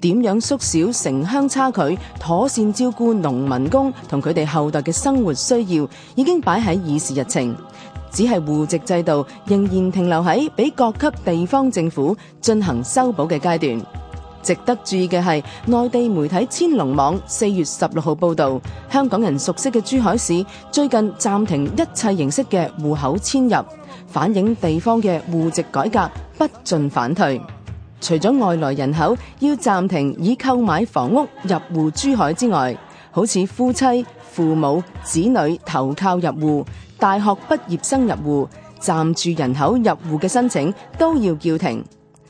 點樣縮小城鄉差距，妥善照顧農民工同佢哋後代嘅生活需要，已經擺喺議事日程。只係戶籍制度仍然停留喺俾各級地方政府進行修補嘅階段。值得注意嘅係，內地媒體千龍網四月十六號報道，香港人熟悉嘅珠海市最近暫停一切形式嘅戶口遷入，反映地方嘅戶籍改革不進反退。除咗外來人口要暫停以購買房屋入戶珠海之外，好似夫妻、父母、子女投靠入戶、大學畢業生入戶、暫住人口入戶嘅申請，都要叫停。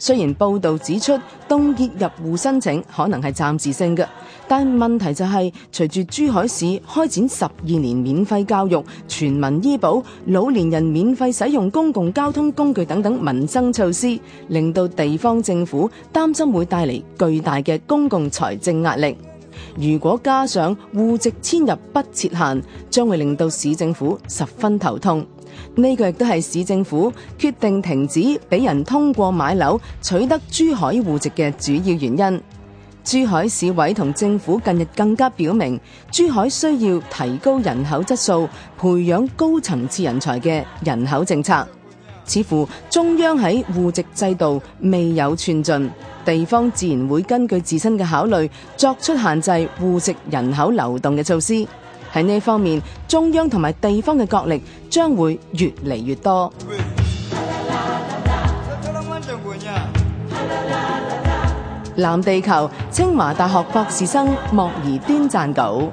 雖然報道指出，凍結入戶申請可能係暫時性嘅，但問題就係、是、隨住珠海市開展十二年免費教育、全民醫保、老年人免費使用公共交通工具等等民生措施，令到地方政府擔心會帶嚟巨大嘅公共財政壓力。如果加上戶籍遷入不設限，將會令到市政府十分頭痛。呢個亦都係市政府決定停止俾人通過買樓取得珠海戶籍嘅主要原因。珠海市委同政府近日更加表明，珠海需要提高人口質素，培養高層次人才嘅人口政策。似乎中央喺戶籍制度未有寸進，地方自然會根據自身嘅考慮作出限制戶籍人口流動嘅措施。喺呢方面，中央同埋地方嘅角力將會越嚟越多。藍地球，清華大學博士生莫宜端撰稿。